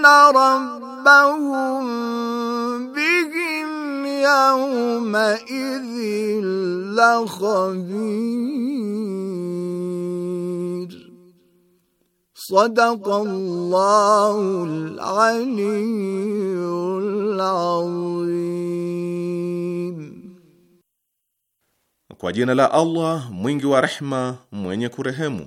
إن ربهم بهم يومئذ لخبير صدق الله العلي العظيم Kwa jina la Allah mwingi wa rehma mwenye kurehemu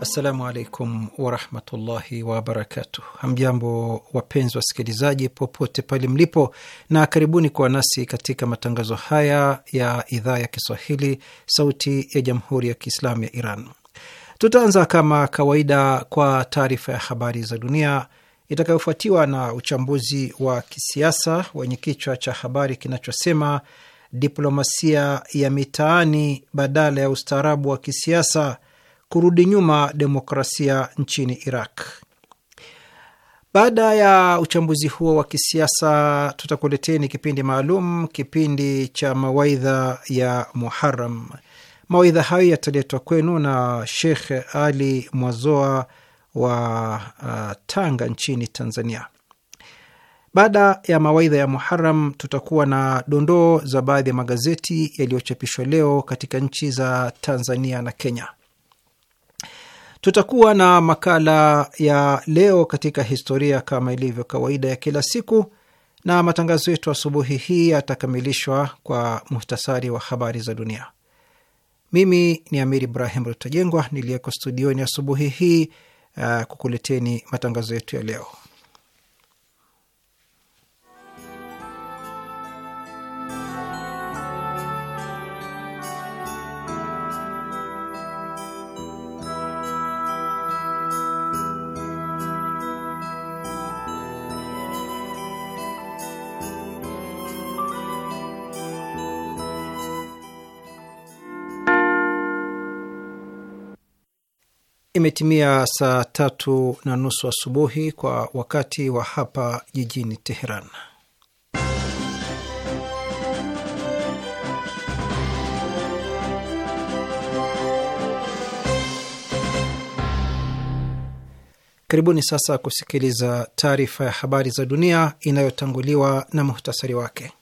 Assalamu alaikum warahmatullahi wabarakatuh. Hamjambo wapenzi wasikilizaji, popote pale mlipo, na karibuni kuwa nasi katika matangazo haya ya idhaa ya Kiswahili, Sauti ya Jamhuri ya Kiislamu ya Iran. Tutaanza kama kawaida kwa taarifa ya habari za dunia itakayofuatiwa na uchambuzi wa kisiasa wenye kichwa cha habari kinachosema diplomasia ya mitaani badala ya ustaarabu wa kisiasa kurudi nyuma demokrasia nchini Iraq. Baada ya uchambuzi huo wa kisiasa, tutakuleteni kipindi maalum, kipindi cha mawaidha ya Muharam. Mawaidha hayo yataletwa kwenu na Sheikh Ali Mwazoa wa uh, Tanga nchini Tanzania. Baada ya mawaidha ya Muharam, tutakuwa na dondoo za baadhi ya magazeti yaliyochapishwa leo katika nchi za Tanzania na Kenya. Tutakuwa na makala ya leo katika historia kama ilivyo kawaida ya kila siku, na matangazo yetu asubuhi hii yatakamilishwa kwa muhtasari wa habari za dunia. Mimi ni Amir Ibrahim Rutajengwa niliyeko studioni asubuhi hii uh, kukuleteni matangazo yetu ya leo. Imetimia saa tatu na nusu asubuhi wa kwa wakati wa hapa jijini Teheran. Karibuni sasa kusikiliza taarifa ya habari za dunia inayotanguliwa na muhtasari wake.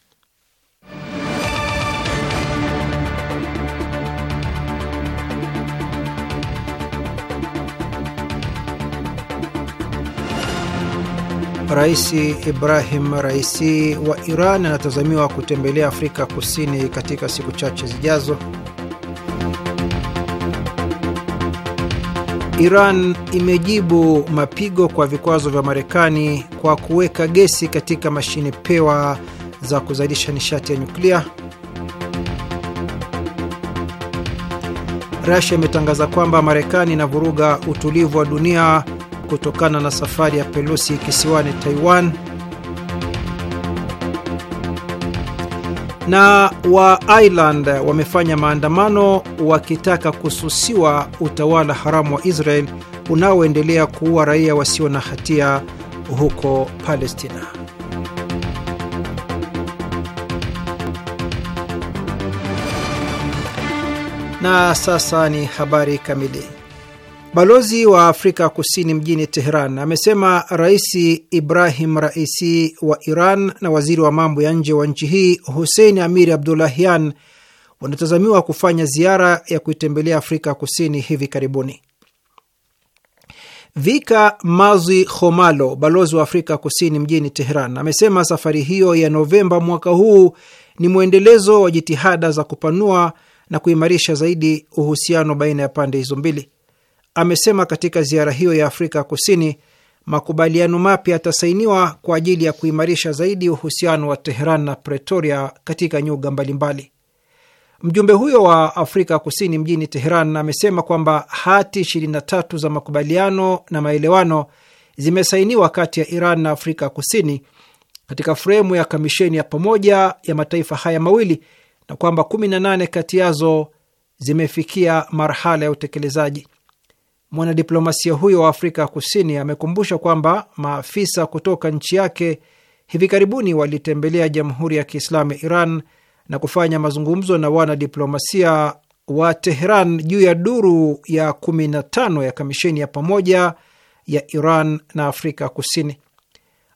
Rais Ibrahim Raisi wa Iran anatazamiwa kutembelea Afrika Kusini katika siku chache zijazo. Iran imejibu mapigo kwa vikwazo vya Marekani kwa kuweka gesi katika mashine pewa za kuzalisha nishati ya nyuklia. Rasia imetangaza kwamba Marekani inavuruga utulivu wa dunia kutokana na safari ya Pelosi kisiwani Taiwan, na wa Ireland wamefanya maandamano wakitaka kususiwa utawala haramu wa Israel unaoendelea kuua raia wasio na hatia huko Palestina. Na sasa ni habari kamili. Balozi wa Afrika Kusini mjini Teheran amesema Rais Ibrahim Raisi wa Iran na waziri wa mambo ya nje wa nchi hii Hussein Amir Abdullahian wanatazamiwa kufanya ziara ya kuitembelea Afrika Kusini hivi karibuni. Vika Mazwi Khomalo, balozi wa Afrika Kusini mjini Teheran, amesema safari hiyo ya Novemba mwaka huu ni mwendelezo wa jitihada za kupanua na kuimarisha zaidi uhusiano baina ya pande hizo mbili amesema katika ziara hiyo ya Afrika Kusini makubaliano mapya yatasainiwa kwa ajili ya kuimarisha zaidi uhusiano wa Teheran na Pretoria katika nyuga mbalimbali. Mjumbe huyo wa Afrika Kusini mjini Teheran amesema kwamba hati 23 za makubaliano na maelewano zimesainiwa kati ya Iran na Afrika Kusini katika fremu ya kamisheni ya pamoja ya mataifa haya mawili na kwamba 18 kati yazo zimefikia marhala ya utekelezaji. Mwanadiplomasia huyo wa Afrika Kusini amekumbusha kwamba maafisa kutoka nchi yake hivi karibuni walitembelea Jamhuri ya Kiislamu ya Iran na kufanya mazungumzo na wanadiplomasia wa Teheran juu ya duru ya 15 ya kamisheni ya pamoja ya Iran na Afrika Kusini.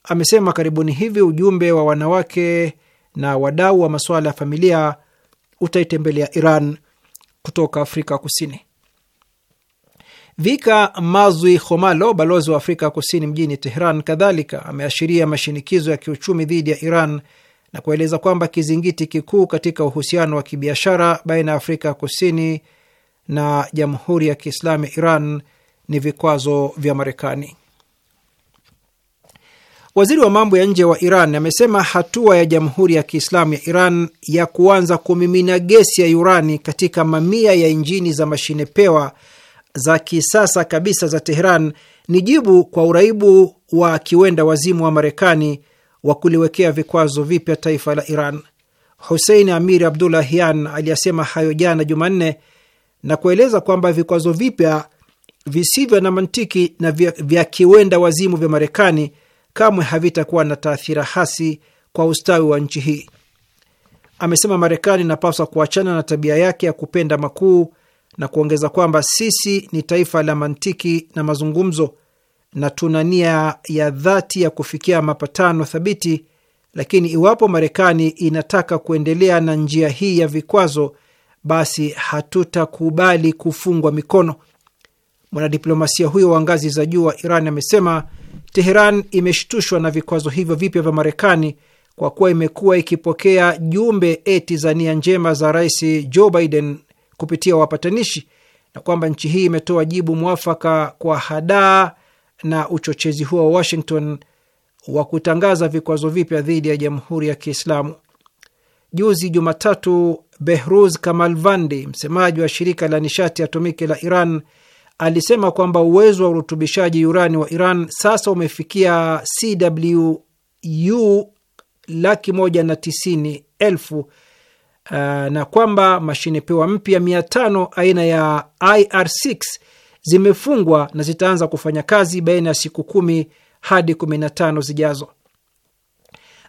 Amesema karibuni hivi ujumbe wa wanawake na wadau wa masuala ya familia utaitembelea Iran kutoka Afrika Kusini. Vika Mazwi Khomalo, balozi wa Afrika Kusini mjini Tehran, kadhalika ameashiria mashinikizo ya kiuchumi dhidi ya Iran na kueleza kwamba kizingiti kikuu katika uhusiano wa kibiashara baina ya Afrika Kusini na Jamhuri ya Kiislamu ya Iran ni vikwazo vya Marekani. Waziri wa mambo ya nje wa Iran amesema hatua ya Jamhuri ya Kiislamu ya Iran ya kuanza kumimina gesi ya urani katika mamia ya injini za mashine pewa za kisasa kabisa za Tehran ni jibu kwa uraibu wa kiwenda wazimu wa Marekani wa kuliwekea vikwazo vipya taifa la Iran. Hussein Amir Abdullahian aliyasema hayo jana Jumanne na kueleza kwamba vikwazo vipya visivyo na mantiki na vya, vya kiwenda wazimu vya Marekani kamwe havitakuwa na taathira hasi kwa ustawi wa nchi hii. Amesema Marekani inapaswa kuachana na tabia yake ya kupenda makuu na kuongeza kwamba sisi ni taifa la mantiki na mazungumzo na tuna nia ya dhati ya kufikia mapatano thabiti, lakini iwapo Marekani inataka kuendelea na njia hii ya vikwazo, basi hatutakubali kufungwa mikono. Mwanadiplomasia huyo wa ngazi za juu wa Iran amesema Teheran imeshtushwa na vikwazo hivyo vipya vya Marekani kwa kuwa imekuwa ikipokea jumbe eti za nia njema za Rais Joe Biden kupitia wapatanishi na kwamba nchi hii imetoa jibu mwafaka kwa hadaa na uchochezi huo wa Washington wa kutangaza vikwazo vipya dhidi ya Jamhuri ya Kiislamu. Juzi Jumatatu, Behruz Kamalvandi, msemaji wa shirika la nishati atomiki la Iran, alisema kwamba uwezo wa urutubishaji urani wa Iran sasa umefikia CWU laki moja na tisini elfu uh, na kwamba mashine pewa mpya mia tano aina ya IR6 zimefungwa na zitaanza kufanya kazi baina ya siku kumi hadi 15 zijazo.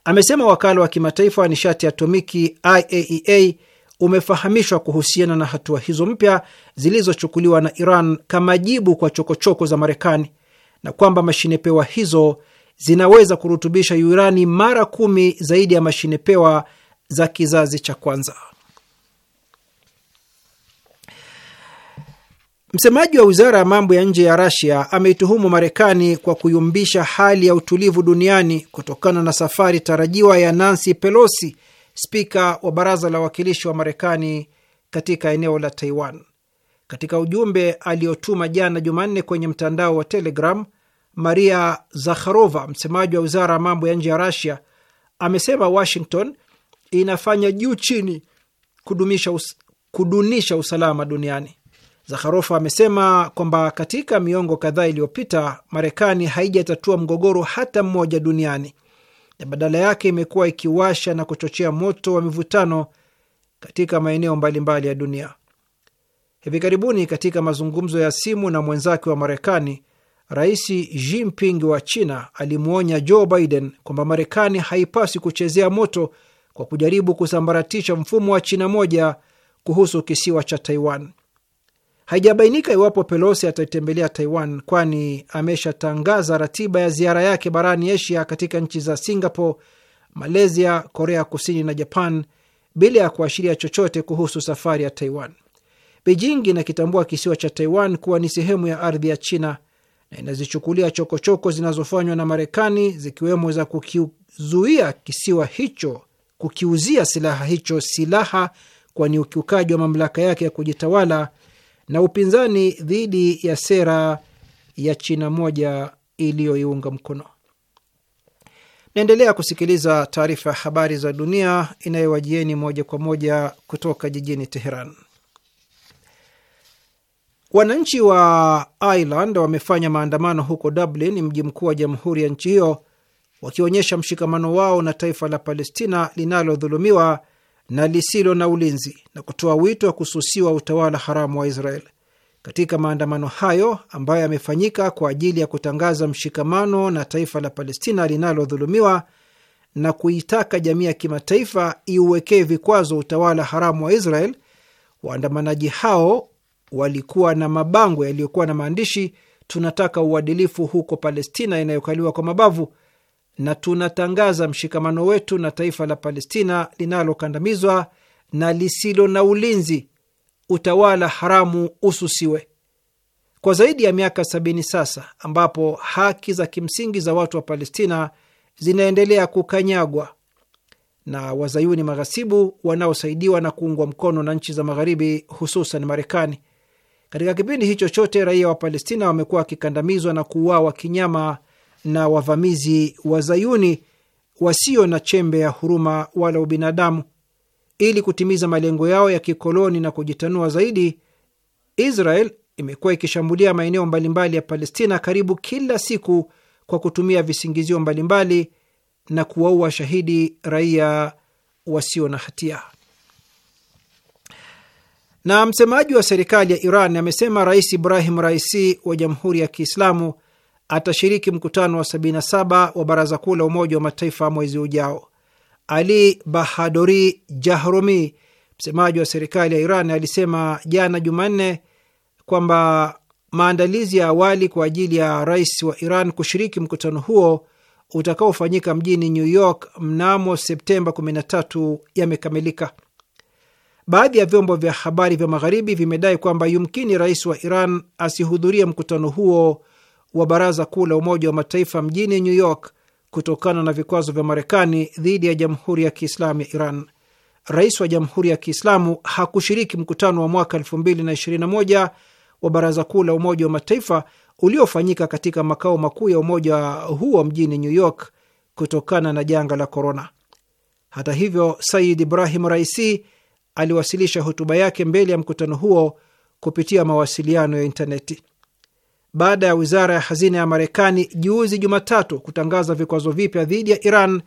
Amesema wakala wa kimataifa wa nishati atomiki IAEA e umefahamishwa kuhusiana na hatua hizo mpya zilizochukuliwa na Iran kama jibu kwa chokochoko choko za Marekani na kwamba mashine pewa hizo zinaweza kurutubisha urani mara kumi zaidi ya mashine pewa za kizazi cha kwanza. Msemaji wa wizara ya mambo ya nje ya Rasia ameituhumu Marekani kwa kuyumbisha hali ya utulivu duniani kutokana na safari tarajiwa ya Nancy Pelosi, spika wa baraza la wawakilishi wa Marekani katika eneo la Taiwan. Katika ujumbe aliotuma jana Jumanne kwenye mtandao wa Telegram, Maria Zakharova, msemaji wa wizara ya mambo ya nje ya Rasia, amesema Washington inafanya juu chini kudumisha us kudunisha usalama duniani. zaharofa amesema kwamba katika miongo kadhaa iliyopita Marekani haijatatua mgogoro hata mmoja duniani na badala yake imekuwa ikiwasha na kuchochea moto wa mivutano katika maeneo mbalimbali ya dunia. Hivi karibuni katika mazungumzo ya simu na mwenzake wa Marekani, Rais Jinping wa China alimwonya Joe Biden kwamba Marekani haipaswi kuchezea moto kwa kujaribu kusambaratisha mfumo wa China moja kuhusu kisiwa cha Taiwan. Haijabainika iwapo Pelosi ataitembelea Taiwan, kwani ameshatangaza ratiba ya ziara yake barani Asia katika nchi za Singapore, Malaysia, Korea Kusini na Japan bila ya kuashiria chochote kuhusu safari ya Taiwan. Beijing inakitambua kisiwa cha Taiwan kuwa ni sehemu ya ardhi ya China na inazichukulia chokochoko zinazofanywa na Marekani zikiwemo za kukizuia kisiwa hicho kukiuzia silaha hicho silaha, kwani ukiukaji wa mamlaka yake ya kujitawala na upinzani dhidi ya sera ya China moja iliyoiunga mkono. Naendelea kusikiliza taarifa ya habari za dunia inayowajieni moja kwa moja kutoka jijini Teheran. Wananchi wa Ireland wamefanya maandamano huko Dublin, mji mkuu wa jamhuri ya nchi hiyo, wakionyesha mshikamano wao na taifa la Palestina linalodhulumiwa na lisilo na ulinzi na kutoa wito wa kususiwa utawala haramu wa Israel. Katika maandamano hayo ambayo yamefanyika kwa ajili ya kutangaza mshikamano na taifa la Palestina linalodhulumiwa na kuitaka jamii ya kimataifa iuwekee vikwazo utawala haramu wa Israel, waandamanaji hao walikuwa na mabango yaliyokuwa na maandishi tunataka uadilifu huko Palestina inayokaliwa kwa mabavu na tunatangaza mshikamano wetu na taifa la Palestina linalokandamizwa na lisilo na ulinzi, utawala haramu ususiwe. Kwa zaidi ya miaka sabini sasa, ambapo haki za kimsingi za watu wa Palestina zinaendelea kukanyagwa na wazayuni maghasibu wanaosaidiwa na kuungwa mkono na nchi za Magharibi, hususan Marekani. Katika kipindi hicho chote, raia wa Palestina wamekuwa wakikandamizwa na kuuawa kinyama na wavamizi wa zayuni wasio na chembe ya huruma wala ubinadamu. Ili kutimiza malengo yao ya kikoloni na kujitanua zaidi, Israel imekuwa ikishambulia maeneo mbalimbali ya Palestina karibu kila siku kwa kutumia visingizio mbalimbali na kuwaua shahidi raia wasio na hatia. Na msemaji wa serikali ya Iran amesema Rais Ibrahim Raisi wa Jamhuri ya Kiislamu atashiriki mkutano wa 77 wa Baraza Kuu la Umoja wa Mataifa mwezi ujao. Ali Bahadori Jahromi, msemaji wa serikali ya Iran, alisema jana Jumanne kwamba maandalizi ya awali kwa ajili ya rais wa Iran kushiriki mkutano huo utakaofanyika mjini New York mnamo Septemba 13 yamekamilika. Baadhi ya vyombo vya habari vya magharibi vimedai kwamba yumkini rais wa Iran asihudhurie mkutano huo wa Baraza Kuu la Umoja wa Mataifa mjini New York kutokana na vikwazo vya Marekani dhidi ya Jamhuri ya Kiislamu ya Iran. Rais wa Jamhuri ya Kiislamu hakushiriki mkutano wa mwaka 2021 wa Baraza Kuu la Umoja wa Mataifa uliofanyika katika makao makuu ya umoja huo mjini New York kutokana na janga la korona. Hata hivyo, Said Ibrahim Raisi aliwasilisha hotuba yake mbele ya mkutano huo kupitia mawasiliano ya intaneti baada ya wizara ya hazina ya Marekani juzi Jumatatu kutangaza vikwazo vipya dhidi ya Iran,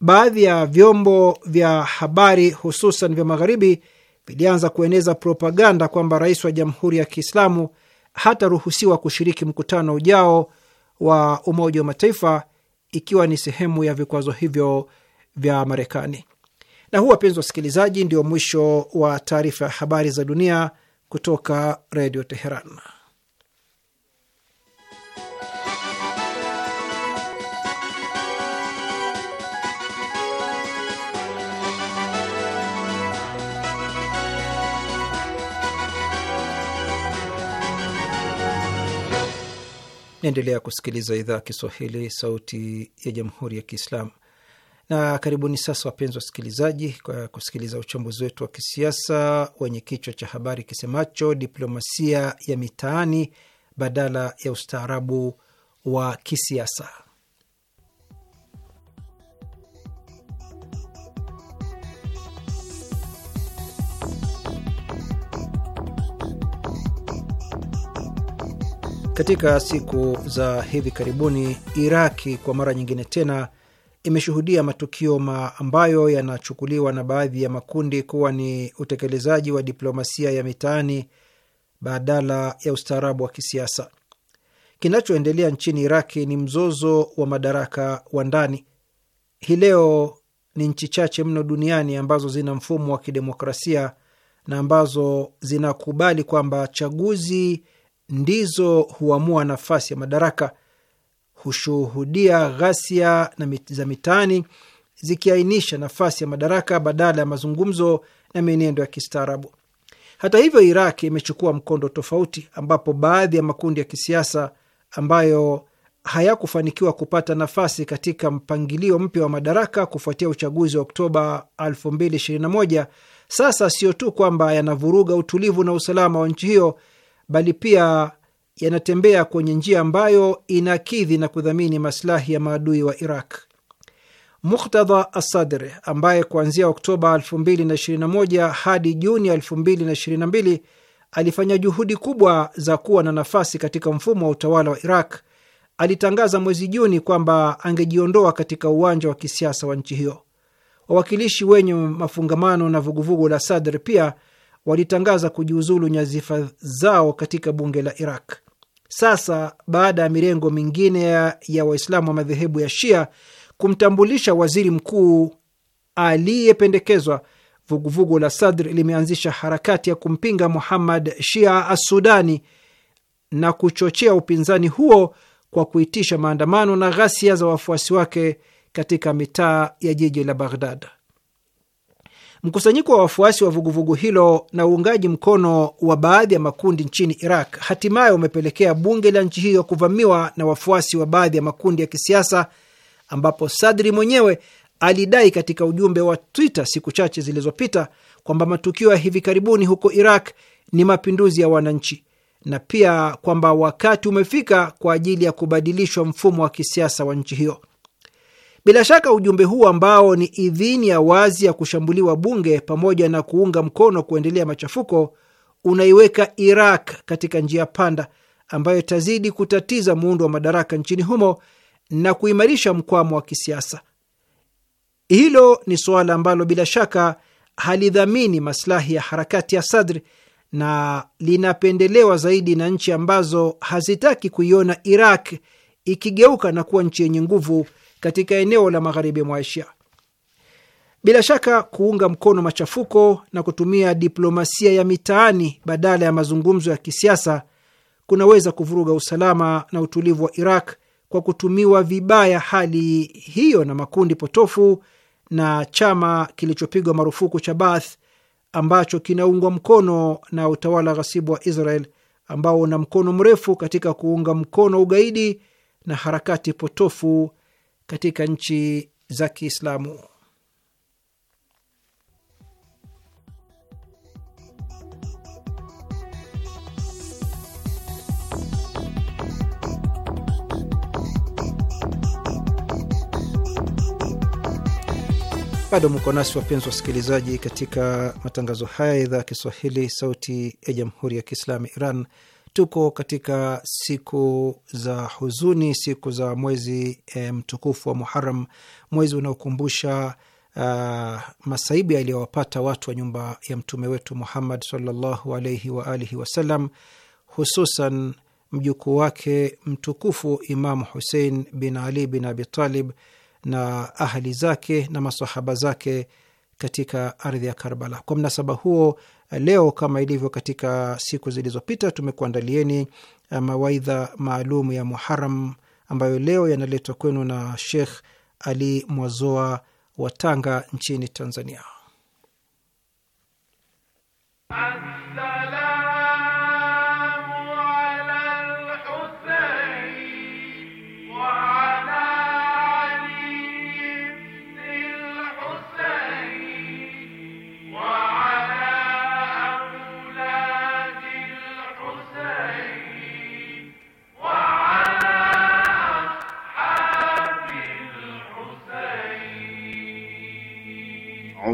baadhi ya vyombo vya habari hususan vya magharibi vilianza kueneza propaganda kwamba rais wa Jamhuri ya Kiislamu hataruhusiwa kushiriki mkutano ujao wa Umoja wa Mataifa ikiwa ni sehemu ya vikwazo hivyo vya Marekani. Na huu, wapenzi wa wasikilizaji, ndio mwisho wa taarifa ya habari za dunia kutoka Redio Teheran. Naendelea kusikiliza idhaa ya Kiswahili, sauti ya jamhuri ya Kiislamu. Na karibuni sasa, wapenzi wasikilizaji, kwa kusikiliza uchambuzi wetu wa kisiasa wenye kichwa cha habari kisemacho diplomasia ya mitaani badala ya ustaarabu wa kisiasa. Katika siku za hivi karibuni, Iraki kwa mara nyingine tena imeshuhudia matukio ma ambayo yanachukuliwa na baadhi ya makundi kuwa ni utekelezaji wa diplomasia ya mitaani badala ya ustaarabu wa kisiasa. Kinachoendelea nchini Iraki ni mzozo wa madaraka wa ndani. Hii leo ni nchi chache mno duniani ambazo zina mfumo wa kidemokrasia na ambazo zinakubali kwamba chaguzi ndizo huamua nafasi ya madaraka, hushuhudia ghasia za mitaani zikiainisha nafasi ya madaraka badala ya mazungumzo na mienendo ya kistaarabu. Hata hivyo, Iraq imechukua mkondo tofauti, ambapo baadhi ya makundi ya kisiasa ambayo hayakufanikiwa kupata nafasi katika mpangilio mpya wa madaraka kufuatia uchaguzi wa Oktoba 2021 sasa sio tu kwamba yanavuruga utulivu na usalama wa nchi hiyo, bali pia yanatembea kwenye njia ambayo inakidhi na kudhamini maslahi ya maadui wa Iraq. Muktadha Assadr ambaye kuanzia Oktoba 2021 hadi Juni 2022 alifanya juhudi kubwa za kuwa na nafasi katika mfumo wa utawala wa Iraq alitangaza mwezi Juni kwamba angejiondoa katika uwanja wa kisiasa wa nchi hiyo. Wawakilishi wenye mafungamano na vuguvugu la Sadr pia walitangaza kujiuzulu nyadhifa zao katika bunge la Iraq. Sasa baada ya mirengo mingine ya, ya Waislamu wa madhehebu ya Shia kumtambulisha waziri mkuu aliyependekezwa, vuguvugu la Sadr limeanzisha harakati ya kumpinga Muhammad Shia Assudani na kuchochea upinzani huo kwa kuitisha maandamano na ghasia za wafuasi wake katika mitaa ya jiji la Baghdad. Mkusanyiko wa wafuasi wa vuguvugu hilo na uungaji mkono wa baadhi ya makundi nchini Iraq hatimaye umepelekea bunge la nchi hiyo kuvamiwa na wafuasi wa baadhi ya makundi ya kisiasa, ambapo Sadri mwenyewe alidai katika ujumbe wa Twitter siku chache zilizopita kwamba matukio ya hivi karibuni huko Iraq ni mapinduzi ya wananchi na pia kwamba wakati umefika kwa ajili ya kubadilishwa mfumo wa kisiasa wa nchi hiyo. Bila shaka ujumbe huu ambao ni idhini ya wazi ya kushambuliwa bunge pamoja na kuunga mkono kuendelea machafuko unaiweka Iraq katika njia panda ambayo itazidi kutatiza muundo wa madaraka nchini humo na kuimarisha mkwamo wa kisiasa. Hilo ni suala ambalo bila shaka halidhamini maslahi ya harakati ya Sadri na linapendelewa zaidi na nchi ambazo hazitaki kuiona Iraq ikigeuka na kuwa nchi yenye nguvu katika eneo la magharibi mwa Asia. Bila shaka kuunga mkono machafuko na kutumia diplomasia ya mitaani badala ya mazungumzo ya kisiasa kunaweza kuvuruga usalama na utulivu wa Iraq kwa kutumiwa vibaya hali hiyo na makundi potofu na chama kilichopigwa marufuku cha Baath ambacho kinaungwa mkono na utawala ghasibu wa Israel ambao una mkono mrefu katika kuunga mkono ugaidi na harakati potofu katika nchi za Kiislamu. Bado mko nasi wapenzi wasikilizaji, katika matangazo haya ya idhaa ya Kiswahili, sauti ya jamhuri ya kiislamu Iran. Tuko katika siku za huzuni, siku za mwezi e, mtukufu wa Muharam, mwezi unaokumbusha ah, masaibu yaliyowapata watu wa nyumba ya mtume wetu Muhammad sallallahu alaihi wa alihi wasallam, hususan mjukuu wake mtukufu Imamu Husein bin Ali bin Abitalib na ahli zake na masahaba zake katika ardhi ya Karbala. Kwa mnasaba huo Leo kama ilivyo katika siku zilizopita, tumekuandalieni eh, mawaidha maalum ya Muharam ambayo leo yanaletwa kwenu na shekh Ali Mwazoa wa Tanga nchini Tanzania.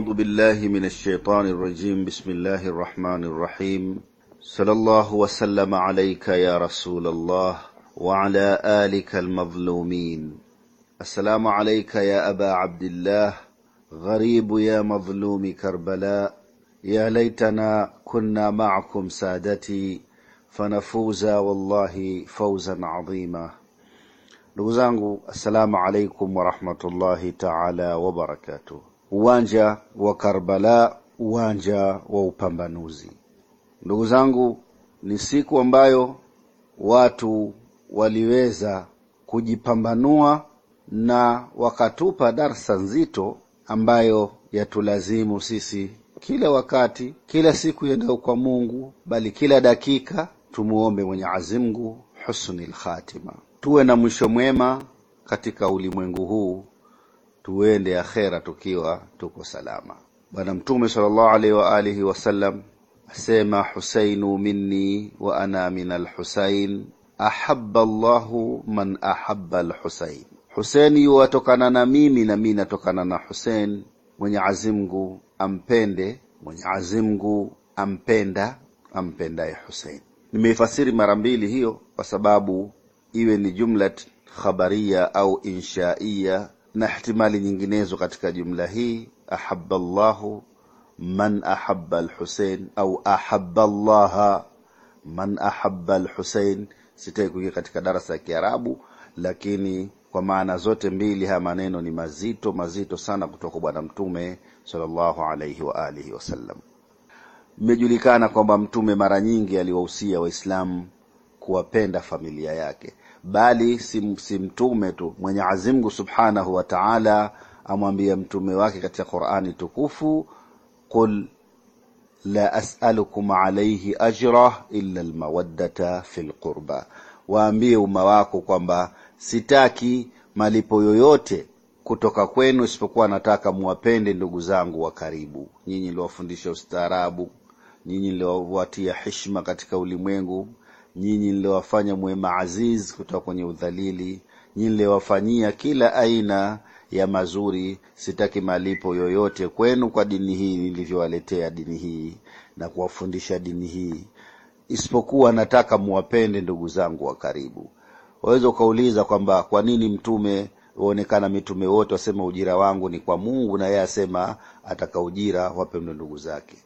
أعوذ بالله من الشيطان الرجيم بسم الله الرحمن الرحيم صلى الله وسلم عليك يا رسول الله وعلى آلك المظلومين السلام عليك يا أبا عبد الله غريب يا مظلوم كربلاء يا ليتنا كنا معكم سادتي فنفوز والله فوزا عظيما ndugu السلام عليكم ورحمة الله تعالى وبركاته uwanja wa Karbala, uwanja wa upambanuzi. Ndugu zangu, ni siku ambayo watu waliweza kujipambanua na wakatupa darsa nzito ambayo yatulazimu sisi kila wakati, kila siku yendao kwa Mungu, bali kila dakika tumuombe Mwenyezi Mungu husnul khatima, tuwe na mwisho mwema katika ulimwengu huu tuende akhera tukiwa tuko salama. Bwana Mtume sallallahu alaihi wa alihi wasallam asema, husainu minni wa ana min alhusain ahabba llahu man ahabba alhusain, Husein yuwatokana na mimi na mimi natokana na Husein. Mwenyezi Mungu ampende, Mwenyezi Mungu ampenda ampendaye Husein. Nimeifasiri mara mbili hiyo kwa sababu iwe ni jumla khabaria au inshaia na ihtimali nyinginezo katika jumla hii, ahabba llahu man ahabba lhusein au ahabba llaha man ahabba lhusein Sitaki kuingia katika darasa ya Kiarabu, lakini kwa maana zote mbili haya maneno ni mazito mazito sana kutoka kwa Bwana Mtume sallallahu alaihi wa alihi wasallam. Imejulikana kwamba Mtume mara nyingi aliwahusia Waislamu kuwapenda familia yake bali si mtume tu. mwenye azimgu Subhanahu wa Ta'ala amwambia mtume wake katika Qur'ani tukufu, qul la as'alukum alayhi ajra illa almawaddata fil qurba, waambie umma wako kwamba sitaki malipo yoyote kutoka kwenu isipokuwa nataka muwapende ndugu zangu wa karibu. Nyinyi niliwafundisha ustaarabu, nyinyi niliwatia heshima katika ulimwengu nyinyi niliwafanya mwe maaziz kutoka kwenye udhalili, nyinyi niliwafanyia kila aina ya mazuri, sitaki malipo yoyote kwenu kwa dini hii nilivyowaletea dini hii na kuwafundisha dini hii, isipokuwa nataka muwapende ndugu zangu wa karibu. Waweza ukauliza kwamba kwa nini mtume waonekana mitume wote wasema ujira wangu ni kwa Mungu, na yeye asema ataka ujira wapendwe ndugu zake.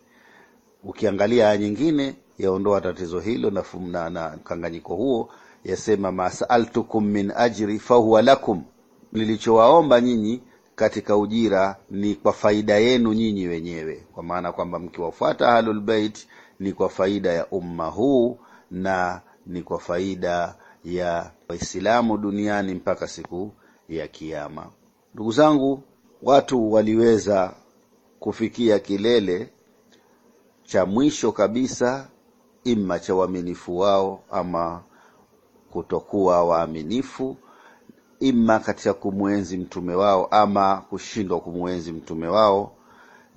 Ukiangalia aya nyingine yaondoa tatizo hilo na, na, na mkanganyiko huo. Yasema masaltukum min ajri fahuwa lakum, nilichowaomba nyinyi katika ujira ni kwa faida yenu nyinyi wenyewe, kwa maana kwamba mkiwafuata ahlul bait ni kwa faida ya umma huu na ni kwa faida ya Waislamu duniani mpaka siku ya kiama Ndugu zangu, watu waliweza kufikia kilele cha mwisho kabisa imma cha uaminifu wao ama kutokuwa waaminifu, imma katika kumwenzi mtume wao ama kushindwa kumwenzi mtume wao.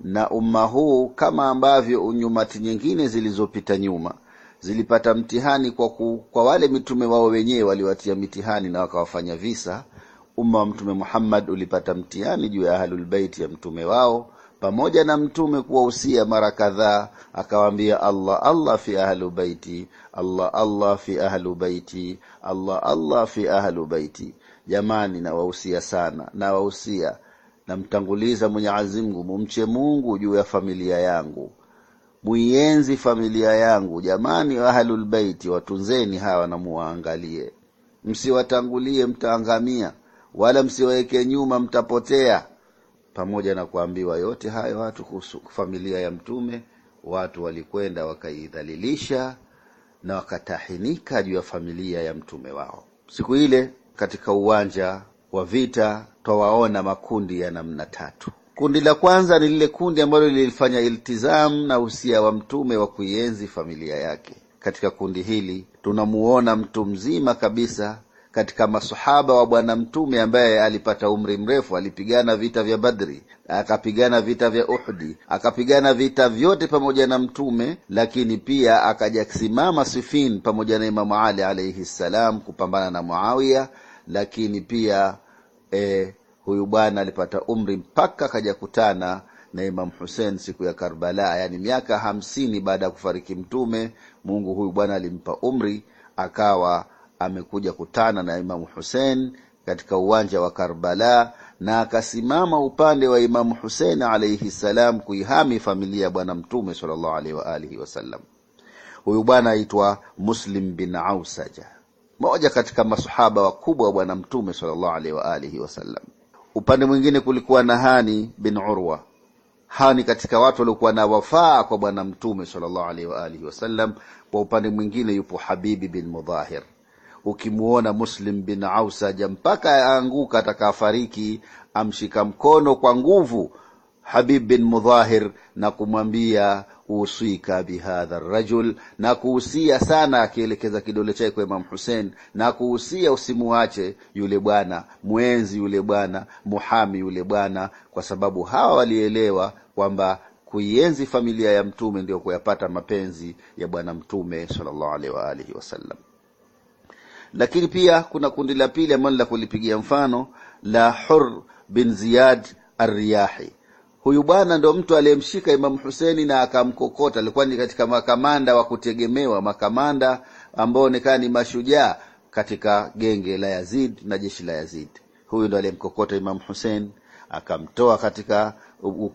Na umma huu kama ambavyo unyumati nyingine zilizopita nyuma zilipata mtihani kwa, ku, kwa wale mitume wao wenyewe waliwatia mitihani na wakawafanya visa. Umma wa Mtume Muhammad ulipata mtihani juu ya Ahlulbeiti ya mtume wao pamoja na mtume kuwahusia mara kadhaa, akawaambia Allah Allah fi ahlu baiti, Allah Allah fi ahlu baiti, Allah Allah fi ahlu baiti. Jamani, nawahusia sana, nawahusia namtanguliza mwenyeazimgu mumche Mungu juu ya familia yangu, muienzi familia yangu. Jamani, ahlulbeiti watunzeni hawa namuwaangalie msiwatangulie mtaangamia, wala msiwaweke nyuma mtapotea pamoja na kuambiwa yote hayo watu kuhusu familia ya Mtume, watu walikwenda wakaidhalilisha na wakatahinika juu ya familia ya mtume wao. Siku ile katika uwanja wa vita twawaona makundi ya namna tatu. Kundi la kwanza ni lile kundi ambalo lilifanya iltizamu na usia wa mtume wa kuienzi familia yake. Katika kundi hili tunamuona mtu mzima kabisa katika masahaba wa Bwana Mtume ambaye alipata umri mrefu. Alipigana vita vya Badri, akapigana vita vya Uhudi, akapigana vita vyote pamoja na Mtume, lakini pia akajasimama Sifin pamoja na Imamu Ali alaihi ssalam kupambana na Muawiya. Lakini pia e, huyu bwana alipata umri mpaka akajakutana na Imam husen siku ya Karbala, yani miaka hamsini baada ya kufariki Mtume. Mungu huyu bwana alimpa umri akawa amekuja kutana na Imamu Husein katika uwanja wa Karbala na akasimama upande wa Imamu Husein alaihi salam kuihami familia ya Bwana Mtume sallallahu alaihi wa alihi wasallam. Huyu bwana aitwa Muslim bin Ausaja, moja katika masahaba wakubwa wa Bwana Mtume sallallahu alaihi wa alihi wasallam. Upande mwingine kulikuwa na Hani bin Urwa. Hani katika watu waliokuwa na wafaa kwa Bwana Mtume sallallahu alaihi wa alihi wasallam. Kwa upande mwingine yupo Habibi bin Mudhahir ukimuona Muslim bin Aus aja mpaka aanguka atakafariki, amshika mkono kwa nguvu Habib bin Mudhahir na kumwambia usika bihadha rajul, na kuhusia sana, akielekeza kidole chake kwa Imam Hussein na kuhusia, usimuache yule bwana mwenzi, yule bwana muhami, yule bwana, kwa sababu hawa walielewa kwamba kuienzi familia ya Mtume ndio kuyapata mapenzi ya Bwana Mtume sallallahu alaihi wa alihi wasallam. Lakini pia kuna kundi la pili ambalo la kulipigia mfano la Hur bin Ziyad Arriyahi. Huyu bwana ndo mtu aliyemshika Imamu Huseni na akamkokota. Alikuwa ni katika makamanda wa kutegemewa, makamanda ambao onekana ni mashujaa katika genge la Yazid na jeshi la Yazid. Huyu ndo aliyemkokota Imamu husen akamtoa katika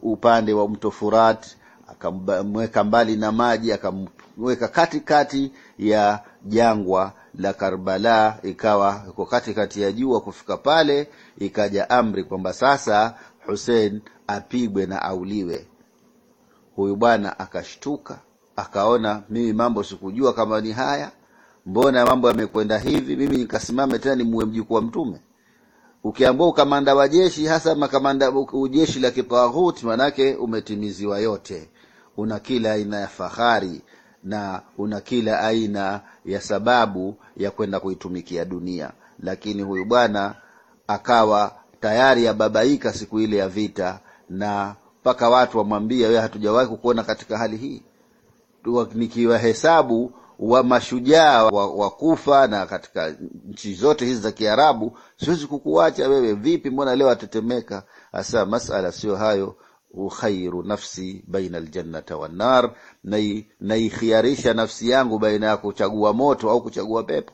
upande wa mto Furat, akamweka mbali na maji, akamweka katikati ya jangwa la Karbala ikawa iko katikati ya jua kufika pale, ikaja amri kwamba sasa Hussein apigwe na auliwe. Huyu bwana akashtuka, akaona mimi mambo sikujua kama ni haya, mbona mambo yamekwenda hivi? Mimi nikasimame tena nimuue mjukuu wa Mtume? Ukiambua ukamanda wa jeshi hasa makamanda jeshi la kitaghuti, manake umetimiziwa yote, una kila aina ya fahari na una kila aina ya sababu ya kwenda kuitumikia dunia lakini huyu bwana akawa tayari ababaika siku ile ya vita na mpaka watu wamwambia wewe hatujawahi kukuona katika hali hii nikiwahesabu wa mashujaa wa, wa kufa na katika nchi zote hizi za kiarabu siwezi kukuacha wewe vipi mbona leo atetemeka hasa masala sio hayo ukhairu nafsi baina aljannata wannar, naikhiarisha nafsi yangu baina ya kuchagua moto au kuchagua pepo.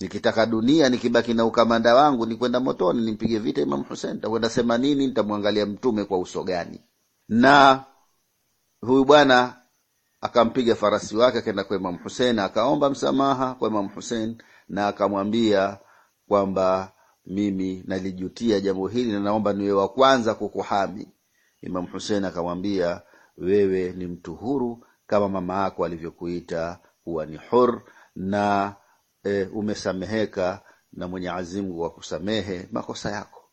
Nikitaka dunia, nikibaki na ukamanda wangu, nikwenda motoni, nimpige vita Imam Hussein. takwenda sema nini? Mtume kwa uso gani? Na huyu bwana akampiga farasi wake, akaenda kwa Imam Hussein, akaomba msamaha kwa Imam Hussein na akamwambia kwamba mimi nalijutia jambo hili na naomba niwe wa kwanza kukuhami imam Husein akamwambia, wewe ni mtu huru kama mama yako alivyokuita huwa ni hur, na e, umesameheka na Mwenyezi Mungu kusamehe makosa yako.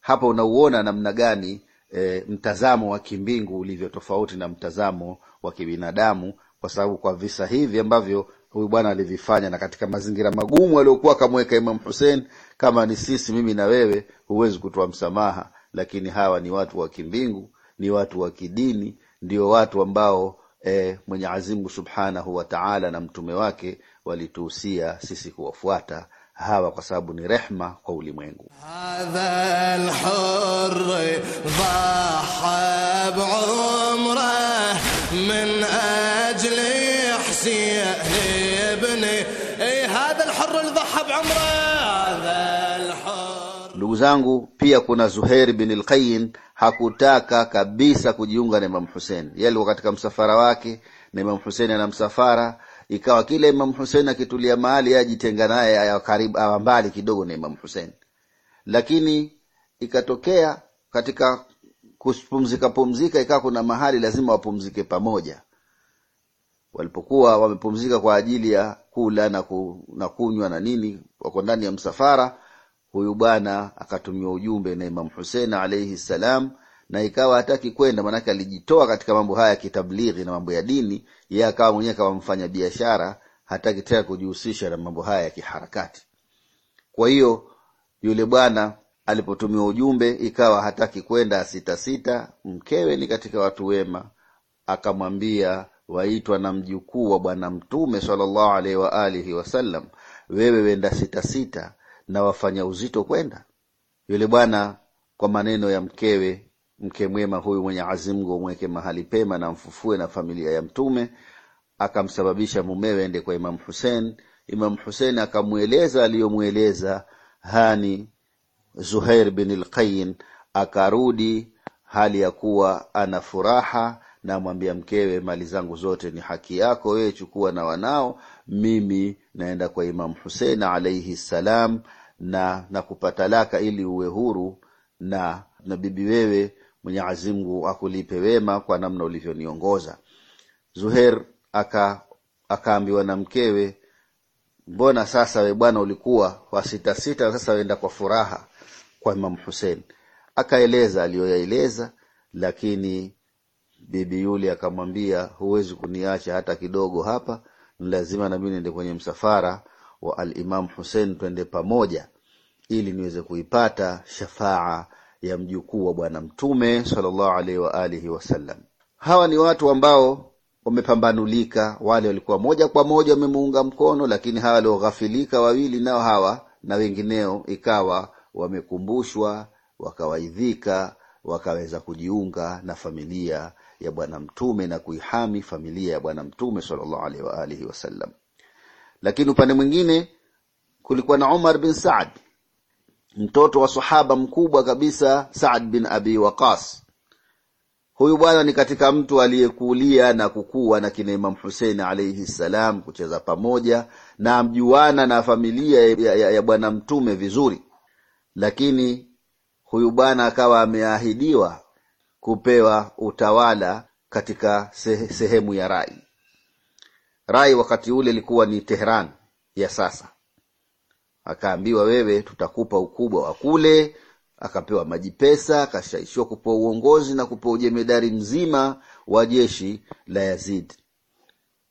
Hapa unauona namna gani e, mtazamo wa kimbingu ulivyo tofauti na mtazamo wa kibinadamu, kwa sababu kwa visa hivi ambavyo huyu bwana alivifanya na katika mazingira magumu aliyokuwa akamweka Imam Hussein, kama ni sisi, mimi na wewe, huwezi kutoa msamaha lakini hawa ni watu wa kimbingu, ni watu wa kidini, ndio watu ambao e, Mwenyezi Mungu Subhanahu wa Ta'ala na mtume wake walituhusia sisi kuwafuata hawa kwa sababu ni rehma kwa ulimwengu. Ndugu zangu, pia kuna Zuheir bin al hakutaka kabisa kujiunga na Imam Hussein. Yeye alikuwa katika msafara wake na Imam Hussein ana msafara, ikawa kile Imam Hussein akitulia mahali ajitenga naye karibu mbali kidogo na Imam Hussein. Lakini ikatokea katika kupumzika pumzika, ikawa kuna mahali lazima wapumzike pamoja. Walipokuwa wamepumzika kwa ajili ya kula na, na kunywa na nini, wako ndani ya msafara huyu bwana akatumia ujumbe na Imam Hussein alayhi salam, na ikawa hataki kwenda, maanake alijitoa katika mambo haya ya kitablighi na mambo ya dini. Yeye akawa mwenyewe kama mfanya biashara, hataki tena kujihusisha na mambo haya ya kiharakati. Kwa hiyo yule bwana alipotumia ujumbe, ikawa hataki kwenda, asitasita. Mkewe ni katika watu wema, akamwambia waitwa na mjukuu wa Bwana Mtume sallallahu alaihi alihi wasallam, wewe wenda sitasita na wafanya uzito kwenda. Yule bwana kwa maneno ya mkewe, mke mwema huyu, mwenye azimgu umweke mahali pema na mfufue na familia ya Mtume, akamsababisha mumewe ende kwa Imamu husen imam husen akamweleza aliyomweleza hani Zuhair bin Alqayn, akarudi hali ya kuwa ana furaha namwambia mkewe, mali zangu zote ni haki yako wewe, chukua na wanao, mimi naenda kwa Imamu Husein alaihi ssalam na na laka ili uwe huru na na bibi wewe, mwenyeazimgu akulipe wema kwa namna ulivyoniongoza. Zuher aka akaambiwa na mkewe, mbona sasa we bwana ulikuwa wasitasita, sasa wenda kwa furaha kwa Imam Hussein. Akaeleza aliyoyaeleza, lakini bibi yule akamwambia, huwezi kuniacha hata kidogo hapa, ni lazima nami niende kwenye msafara wa alimam Husein, twende pamoja ili niweze kuipata shafaa ya mjukuu wa Bwana Mtume sallallahu alaihi wa alihi wasallam. Hawa ni watu ambao wamepambanulika. Wale walikuwa moja kwa moja wamemuunga mkono, lakini hawa walioghafilika wawili nao hawa na wengineo, ikawa wamekumbushwa, wakawaidhika, wakaweza kujiunga na familia ya Bwana Mtume na kuihami familia ya Bwana Mtume sallallahu alaihi wa alihi wasallam. Lakini upande mwingine kulikuwa na Umar bin Saad, mtoto wa sahaba mkubwa kabisa Saad bin Abi Waqas. Huyu bwana ni katika mtu aliyekulia na kukua na kina Imam Hussein alayhi salam, kucheza pamoja na mjuana na familia ya, ya, ya bwana mtume vizuri, lakini huyu bwana akawa ameahidiwa kupewa utawala katika sehemu ya Rai. Rai wakati ule ilikuwa ni Tehran ya sasa. Akaambiwa, wewe tutakupa ukubwa wa kule. Akapewa maji pesa, akashaishiwa kupewa uongozi na kupewa ujemedari mzima wa jeshi la Yazid.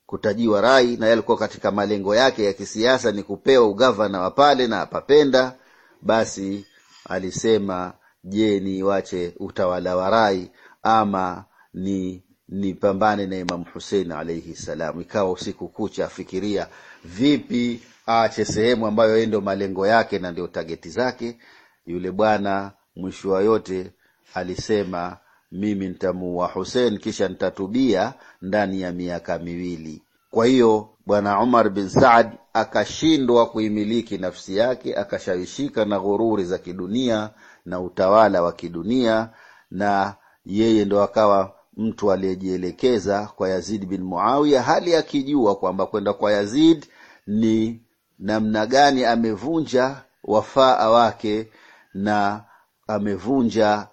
Kutajiwa Rai na alikuwa katika malengo yake ya kisiasa ni kupewa ugavana wa pale, na apapenda basi, alisema je, niwache utawala wa Rai ama ni nipambane na imam Husein alaihi salam. Ikawa usiku kucha afikiria vipi aache sehemu ambayo endo ndio malengo yake na ndio tageti zake. Yule bwana mwisho wa yote alisema mimi ntamuua Husein kisha ntatubia ndani ya miaka miwili. Kwa hiyo bwana Umar bin Saad akashindwa kuimiliki nafsi yake, akashawishika na ghururi za kidunia na utawala wa kidunia, na yeye ndo akawa mtu aliyejielekeza kwa Yazid bin Muawiya, hali akijua kwamba kwenda kwa Yazid ni namna gani amevunja wafaa wake na amevunja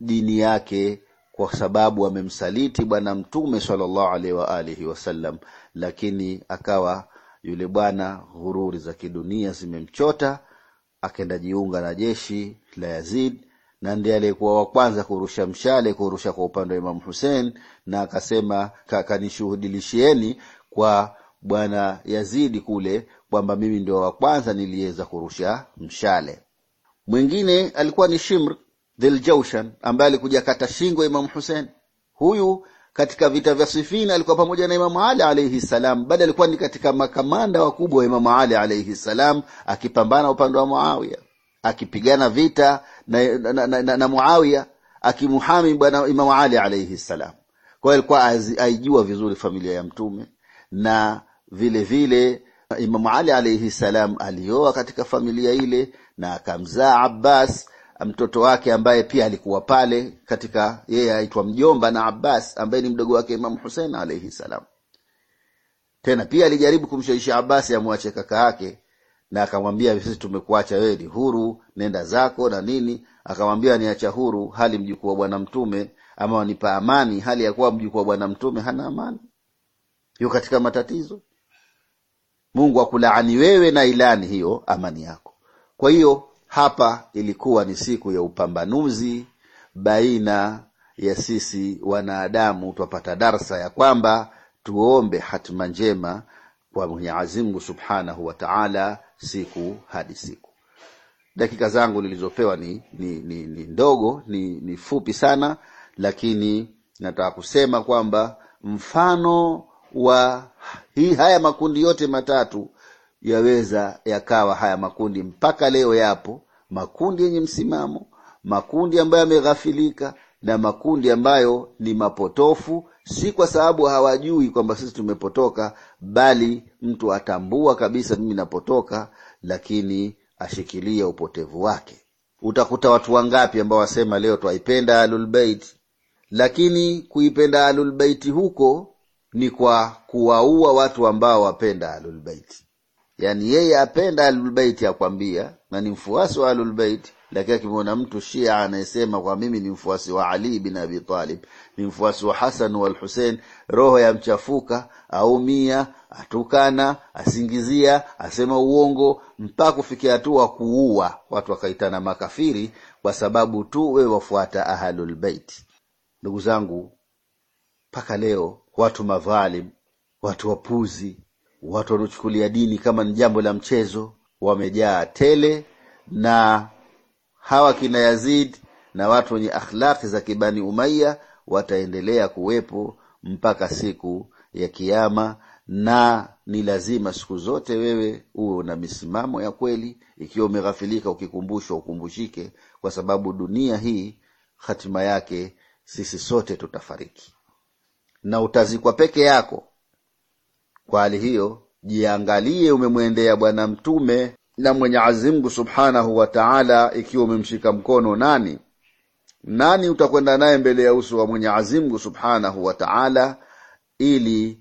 dini yake kwa sababu amemsaliti Bwana Mtume sallallahu alaihi wa alihi wasallam, lakini akawa yule bwana, ghururi za kidunia zimemchota, akaenda jiunga na jeshi la Yazid na ndiye aliyekuwa wa kwanza kurusha mshale kurusha kwa upande wa Imamu husein na akasema kanishuhudilishieni kwa bwana Yazidi kule kwamba mimi ndio wa kwanza niliweza kurusha mshale. Mwingine alikuwa ni Shimr Dhiljawshan ambaye alikuja kata shingo ya Imamu husein Huyu katika vita vya Sifina alikuwa pamoja na Imamu Ali alaihi salam, bali alikuwa ni katika makamanda wakubwa wa Imamu Ali alaihi ssalam akipambana upande wa Muawiya, akipigana vita na, na, na, na, na, Muawiya akimuhami bwana Imamu Ali alaihi salam. Kwa hiyo alikuwa aijua vizuri familia ya Mtume na vile vile Imamu Ali alaihi salam alioa katika familia ile na akamzaa Abbas mtoto wake ambaye pia alikuwa pale katika yeye aitwa mjomba na Abbas ambaye ni mdogo wake Imamu Husein alaihi salam. Tena pia alijaribu kumshawishi Abbas amwache kaka yake na akamwambia sisi tumekuacha wewe ni huru nenda zako na nini akamwambia niacha huru hali mjukuu wa bwana mtume ama wanipa amani hali ya kuwa mjukuu wa bwana mtume hana amani yuko katika matatizo mungu akulaani wewe na ilani hiyo amani yako kwa hiyo hapa ilikuwa ni siku ya upambanuzi baina ya sisi wanadamu twapata darsa ya kwamba tuombe hatima njema kwa Mwenyezi Mungu Subhanahu wa Ta'ala siku hadi siku. Dakika zangu nilizopewa ni, ni, ni, ni ndogo ni, ni fupi sana, lakini nataka kusema kwamba mfano wa hii haya makundi yote matatu yaweza yakawa haya makundi mpaka leo yapo makundi yenye msimamo, makundi ambayo yameghafilika na makundi ambayo ni mapotofu si kwa sababu hawajui kwamba sisi tumepotoka, bali mtu atambua kabisa, mimi napotoka, lakini ashikilia upotevu wake. Utakuta watu wangapi ambao wasema leo twaipenda alulbeit lakini kuipenda alulbeiti huko ni kwa kuwaua watu ambao wapenda alulbeiti Yaani yeye apenda alulbeiti akwambia na ni mfuasi wa alulbeiti lakini akimwona mtu Shia anayesema kwa mimi ni mfuasi wa Ali bin Abi Talib ni mfuasi wa Hasan wal Husein, roho ya mchafuka, aumia, atukana, asingizia, asema uongo, mpaka kufikia hatua kuua watu, wakaitana makafiri kwa sababu tu wewe wafuata Ahlulbeiti. Ndugu zangu, mpaka leo watu madhalim, watu wapuzi, watu wanaochukulia dini kama ni jambo la mchezo wamejaa tele, na hawa kina Yazid na watu wenye akhlaki za Kibani Umaya wataendelea kuwepo mpaka siku ya Kiama, na ni lazima siku zote wewe uwe na misimamo ya kweli. Ikiwa umeghafilika, ukikumbushwa, ukumbushike, kwa sababu dunia hii hatima yake sisi sote tutafariki na utazikwa peke yako. Kwa hali hiyo, jiangalie umemwendea Bwana Mtume na mwenye azimgu subhanahu wataala ikiwa umemshika mkono nani nani utakwenda naye mbele ya uso wa mwenye azimgu subhanahu wa taala ili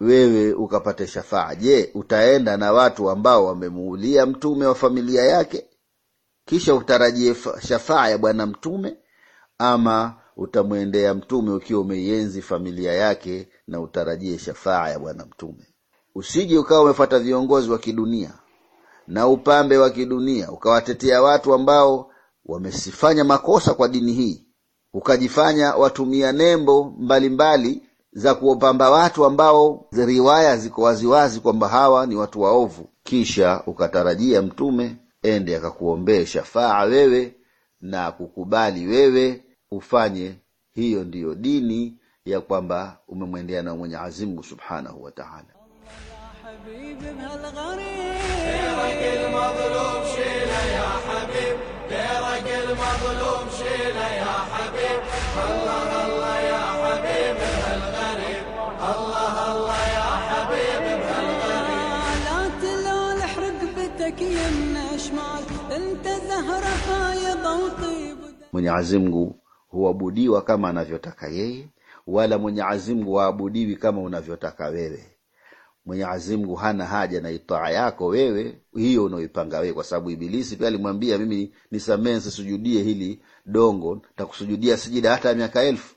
wewe ukapate shafaa? Je, utaenda na watu ambao wamemuulia mtume wa familia yake, kisha utarajie shafaa ya bwana mtume, ama utamwendea mtume ukiwa umeienzi familia yake na utarajie shafaa ya bwana mtume? Usije ukawa umefuata viongozi wa kidunia na upambe wa kidunia ukawatetea watu ambao wamesifanya makosa kwa dini hii, ukajifanya watumia nembo mbalimbali mbali za kuwapamba watu ambao riwaya ziko waziwazi kwamba hawa ni watu waovu, kisha ukatarajia mtume ende akakuombee shafaa wewe na kukubali wewe ufanye. Hiyo ndiyo dini ya kwamba umemwendea na Mwenyezi Mungu subhanahu wa taala. حبيب بهالغريب المظلوم شيله يا حبيب غيرك المظلوم شيله يا حبيب الله الله يا حبيب بهالغريب الله الله يا حبيب بهالغريب لا تلون رقبتك يمنا شمال انت زهره فايضه وطيب Mwenyezi Mungu huabudiwa kama anavyotaka yeye wala mwenye azimgu waabudiwi kama unavyotaka wewe Mwenyezi Mungu hana haja na itaa yako wewe hiyo unaoipanga wewe, kwa sababu Ibilisi pia alimwambia mimi nisamee sisujudie hili dongo, takusujudia sijida hata miaka elfu.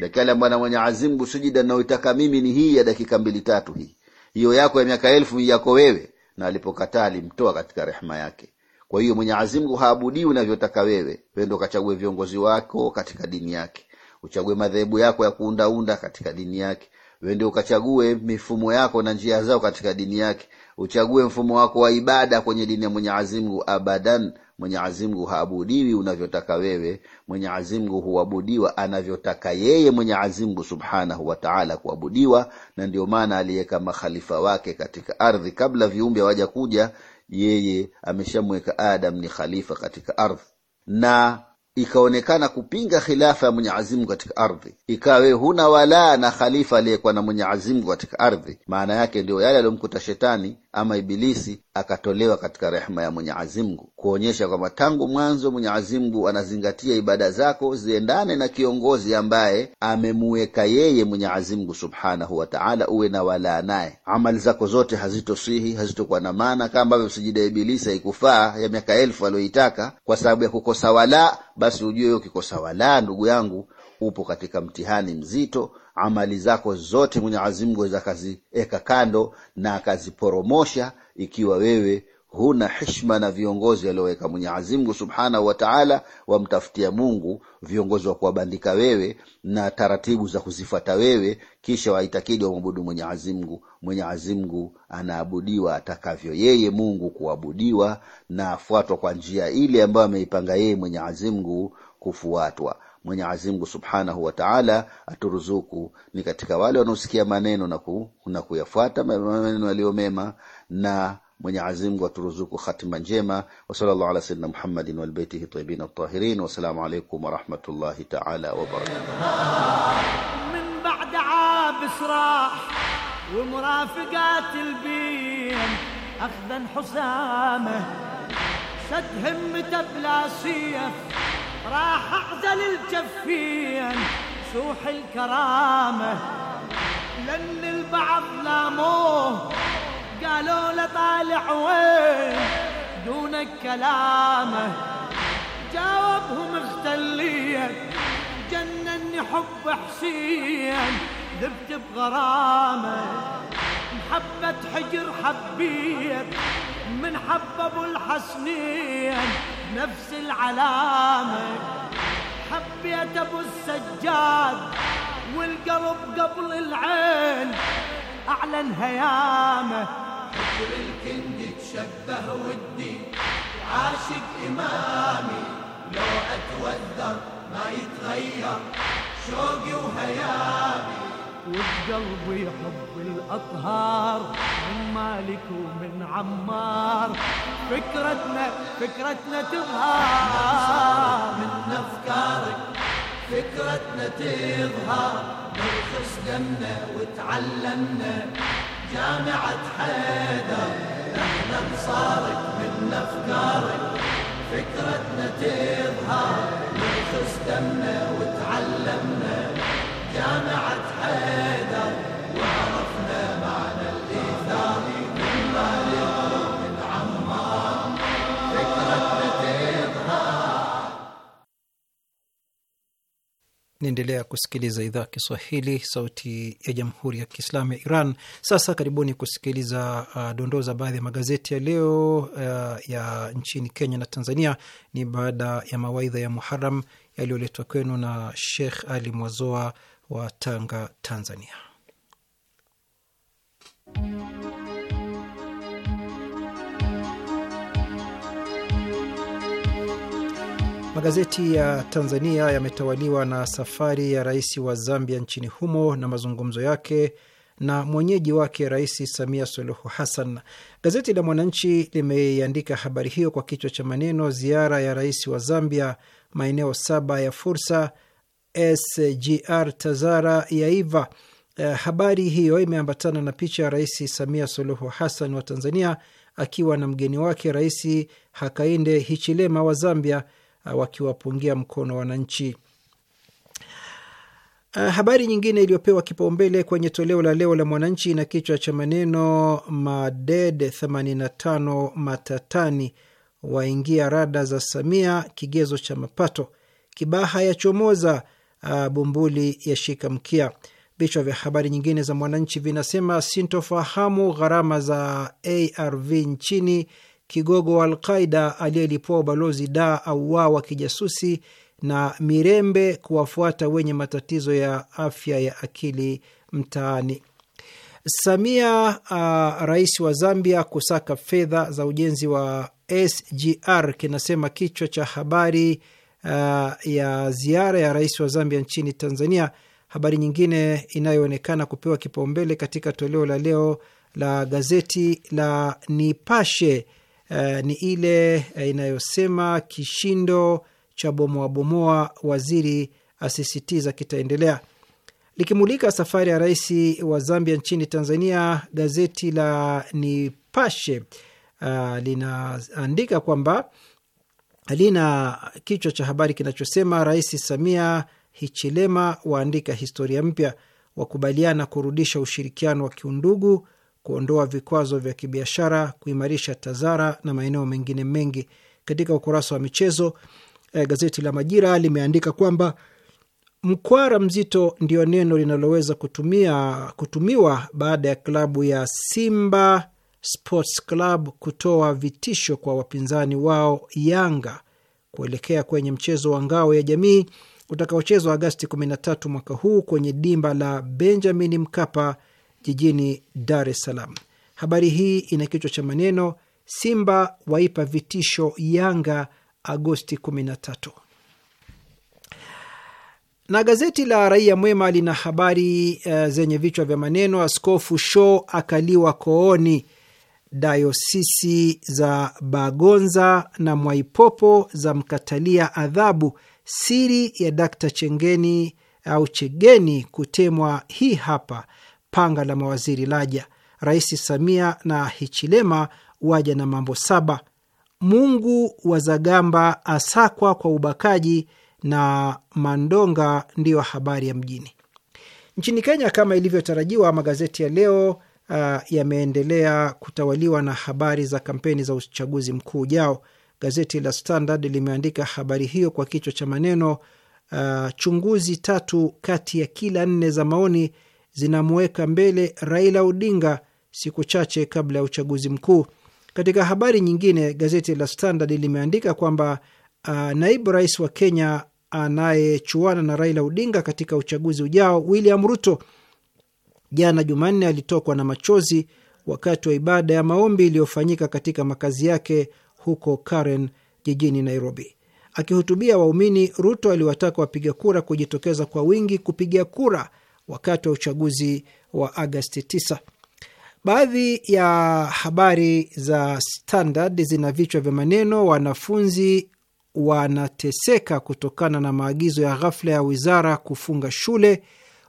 Dakika ile Bwana Mwenyezi Mungu, sujida naoitaka mimi ni hii ya dakika mbili tatu, hii hiyo yako ya miaka elfu yako wewe. Na alipokataa alimtoa katika rehema yake. Kwa hiyo Mwenyezi Mungu haabudii unavyotaka wewe. Wewe ndo kachague viongozi wako katika dini yake, uchague madhehebu yako ya kuundaunda katika dini yake wende ukachague mifumo yako na njia zao katika dini yake uchague mfumo wako wa ibada kwenye dini ya mwenyezi abadan mwenyezi haabudiwi unavyotaka wewe mwenyezi huabudiwa anavyotaka yeye mwenyeazimgu subhanahu wataala kuabudiwa na ndio maana aliweka makhalifa wake katika ardhi kabla viumbe hawaja kuja yeye ameshamweka adam ni khalifa katika ardhi na ikaonekana kupinga khilafa ya Mwenyezi katika ardhi, ikawe huna walaa na khalifa aliyekuwa na mwenye Mungu katika ardhi. Maana yake ndio yale aliyomkuta shetani ama Ibilisi akatolewa katika rehma ya Mwenyezi Mungu, kuonyesha kwamba tangu mwanzo Mwenyezi Mungu anazingatia ibada zako ziendane na kiongozi ambaye amemuweka yeye Mwenyezi Mungu subhanahu wa taala, uwe na walaa naye. Amali zako zote hazitosihi, hazitokuwa na maana, kama ambavyo sijida ya Ibilisi haikufaa ya miaka elfu aliyoitaka kwa sababu ya kukosa walaa. Basi ujue ukikosa walaa, ndugu yangu, upo katika mtihani mzito amali zako zote Mwenyezi Mungu aweza akaziweka kando na akaziporomosha, ikiwa wewe huna hishma na viongozi walioweka Mwenyezi Mungu subhanahu wa taala. Wamtafutia Mungu viongozi wa kuwabandika wewe na taratibu za kuzifuata wewe, kisha waitakidi wamwabudu Mwenyezi Mungu. Mwenyezi Mungu anaabudiwa atakavyo yeye Mungu kuabudiwa, na afuatwa kwa njia ile ambayo ameipanga yeye Mwenyezi Mungu kufuatwa. Mwenyezi Mungu Subhanahu wataala aturuzuku ni katika wale wanaosikia maneno na, ku, na kuyafuata maneno yaliyo mema na Mwenyezi Mungu aturuzuku hatima njema. wasalllahala sayidina Muhammadin walbeitihi tayibin tayyibin wassalamu alaikum warahmatullahi ta'ala wabarakatuh راح اعزل الجفين سوح الكرامة لأن البعض لاموه قالوا له طالع وين دونك كلامه جاوبهم اختليك جنني حب حسين ذبت بغرامه محبة حجر حبيت من حب ابو الحسنين نفس العلامة حبيت أبو السجاد والقلب قبل العين أعلن هيامة فكر الكندي تشبه ودي عاشق إمامي لو أتوذر ما يتغير شوقي وهيامي وبقلبي حب الأطهار من مالك ومن عمار فكرتنا فكرتنا تظهر من أفكارك فكرتنا تظهر نرخص دمنا وتعلمنا جامعة حيدر نحن انصارك من أفكارك فكرتنا تظهر نرخص دمنا وتعلمنا جامعة Naendelea kusikiliza idhaa ya Kiswahili, sauti ya jamhuri ya kiislamu ya Iran. Sasa karibuni kusikiliza uh, dondoo za baadhi ya magazeti ya leo uh, ya nchini Kenya na Tanzania. Ni baada ya mawaidha ya Muharam yaliyoletwa kwenu na Sheikh Ali Mwazoa wa Tanga, Tanzania. Magazeti ya Tanzania yametawaliwa na safari ya rais wa Zambia nchini humo na mazungumzo yake na mwenyeji wake Rais Samia Suluhu Hassan. Gazeti la Mwananchi limeiandika habari hiyo kwa kichwa cha maneno, ziara ya rais wa Zambia, maeneo saba ya fursa, SGR Tazara yaiva. Eh, habari hiyo imeambatana na picha ya Rais Samia Suluhu Hassan wa Tanzania akiwa na mgeni wake Rais Hakainde Hichilema wa Zambia Uh, wakiwapungia mkono wananchi. Uh, habari nyingine iliyopewa kipaumbele kwenye toleo la leo la Mwananchi na kichwa cha maneno maded 85 matatani waingia rada za Samia, kigezo cha mapato. Kibaha yachomoza, uh, Bumbuli ya shika mkia. Vichwa vya habari nyingine za Mwananchi vinasema sintofahamu, gharama za ARV nchini kigogo wa Alqaida aliyelipua ubalozi Da auwaa wa kijasusi na Mirembe kuwafuata wenye matatizo ya afya ya akili mtaani. Samia uh, rais wa Zambia kusaka fedha za ujenzi wa SGR kinasema kichwa cha habari uh, ya ziara ya rais wa Zambia nchini Tanzania. Habari nyingine inayoonekana kupewa kipaumbele katika toleo la leo la gazeti la Nipashe Eh, ni ile eh, inayosema kishindo cha bomoabomoa, waziri asisitiza kitaendelea. Likimulika safari ya rais wa Zambia nchini Tanzania, gazeti la Nipashe uh, linaandika kwamba lina kichwa cha habari kinachosema Rais Samia Hichilema waandika historia mpya, wakubaliana kurudisha ushirikiano wa kiundugu kuondoa vikwazo vya kibiashara, kuimarisha TAZARA na maeneo mengine mengi. Katika ukurasa wa michezo eh, gazeti la Majira limeandika kwamba mkwara mzito ndio neno linaloweza kutumia, kutumiwa baada ya klabu ya Simba Sports Club kutoa vitisho kwa wapinzani wao Yanga kuelekea kwenye mchezo wa ngao ya jamii utakaochezwa Agasti 13 mwaka huu kwenye dimba la Benjamin Mkapa jijini Dar es Salaam. Habari hii ina kichwa cha maneno Simba waipa vitisho Yanga Agosti 13. Na gazeti la Raia Mwema lina habari uh, zenye vichwa vya maneno Askofu Sho akaliwa kooni, dayosisi za Bagonza na Mwaipopo za mkatalia adhabu, siri ya Dakta Chengeni au Chegeni kutemwa. Hii hapa panga la mawaziri laja, Rais Samia na Hichilema waja na mambo saba, Mungu wa zagamba asakwa kwa ubakaji na Mandonga ndiyo habari ya mjini. Nchini Kenya, kama ilivyotarajiwa, magazeti ya leo uh, yameendelea kutawaliwa na habari za kampeni za uchaguzi mkuu ujao. Gazeti la Standard limeandika habari hiyo kwa kichwa cha maneno uh, chunguzi tatu kati ya kila nne za maoni zinamuweka mbele Raila Odinga siku chache kabla ya uchaguzi mkuu. Katika habari nyingine, gazeti la Standard limeandika kwamba uh, naibu rais wa Kenya anayechuana na Raila Odinga katika uchaguzi ujao, William Ruto, jana Jumanne, alitokwa na machozi wakati wa ibada ya maombi iliyofanyika katika makazi yake huko Karen jijini Nairobi. Akihutubia waumini, Ruto aliwataka wapiga kura kujitokeza kwa wingi kupiga kura wakati wa uchaguzi wa Agasti 9. Baadhi ya habari za Standard zina vichwa vya maneno: wanafunzi wanateseka kutokana na maagizo ya ghafla ya wizara kufunga shule,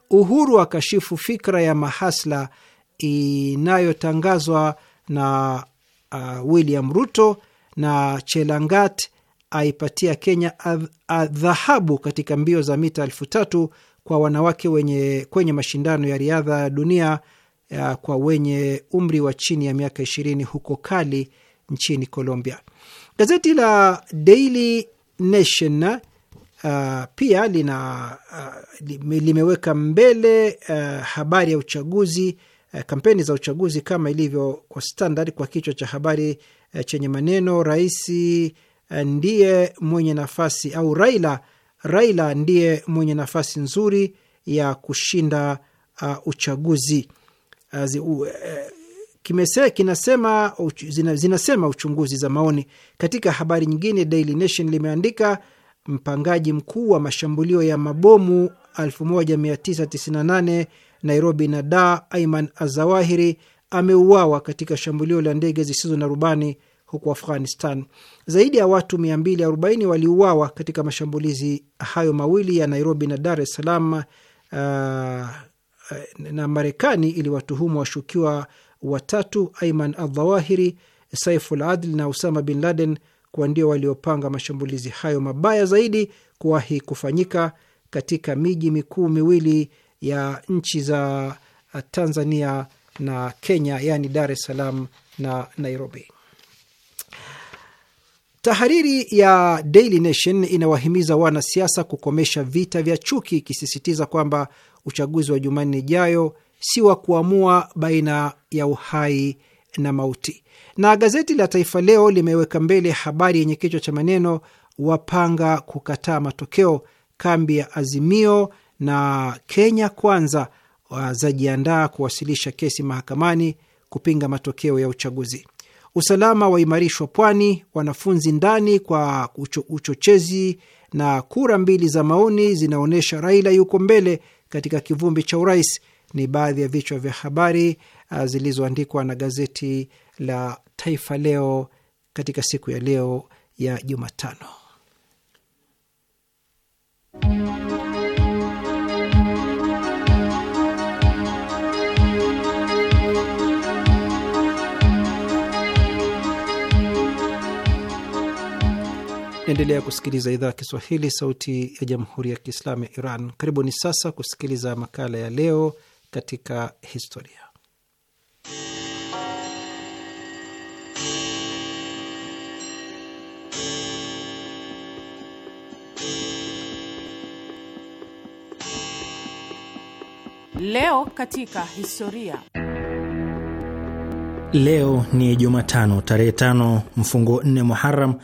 Uhuru akashifu fikra ya mahasla inayotangazwa na uh, William Ruto, na Chelangat aipatia Kenya adhahabu katika mbio za mita elfu tatu kwa wanawake wenye, kwenye mashindano ya riadha ya dunia ya kwa wenye umri wa chini ya miaka ishirini huko Kali nchini Colombia. Gazeti la Daily Nation uh, pia lina uh, limeweka mbele uh, habari ya uchaguzi uh, kampeni za uchaguzi kama ilivyo kwa standard kwa kichwa cha habari uh, chenye maneno rais uh, ndiye mwenye nafasi au Raila Raila ndiye mwenye nafasi nzuri ya kushinda uh, uchaguzi Azi, uh, uh, kimese, kinasema, uch, zina, zinasema uchunguzi za maoni. Katika habari nyingine, Daily Nation limeandika mpangaji mkuu wa mashambulio ya mabomu 1998 Nairobi na da Aiman Azawahiri ameuawa katika shambulio la ndege zisizo na rubani huko Afghanistan. Zaidi ya watu 240 waliuawa katika mashambulizi hayo mawili ya Nairobi na Dar es Salaam. Uh, uh na Marekani iliwatuhumu washukiwa watatu Aiman Aldhawahiri, Saiful Adl na Usama bin Laden kuwa ndio waliopanga mashambulizi hayo mabaya zaidi kuwahi kufanyika katika miji mikuu miwili ya nchi za uh, Tanzania na Kenya, yaani Dar es Salaam na Nairobi. Tahariri ya Daily Nation inawahimiza wanasiasa kukomesha vita vya chuki, ikisisitiza kwamba uchaguzi wa Jumanne ijayo si wa kuamua baina ya uhai na mauti. Na gazeti la Taifa Leo limeweka mbele habari yenye kichwa cha maneno wapanga kukataa matokeo, kambi ya Azimio na Kenya Kwanza zajiandaa kuwasilisha kesi mahakamani kupinga matokeo ya uchaguzi. Usalama waimarishwa pwani, wanafunzi ndani kwa ucho, uchochezi na kura mbili za maoni zinaonyesha Raila yuko mbele katika kivumbi cha urais, ni baadhi ya vichwa vya habari ah, zilizoandikwa na gazeti la Taifa Leo katika siku ya leo ya Jumatano. Naendelea kusikiliza idhaa ya Kiswahili, sauti ya jamhuri ya kiislamu ya Iran. Karibuni sasa kusikiliza makala ya leo katika historia. Leo katika historia. Leo ni Jumatano tarehe tano mfungo 4 Muharam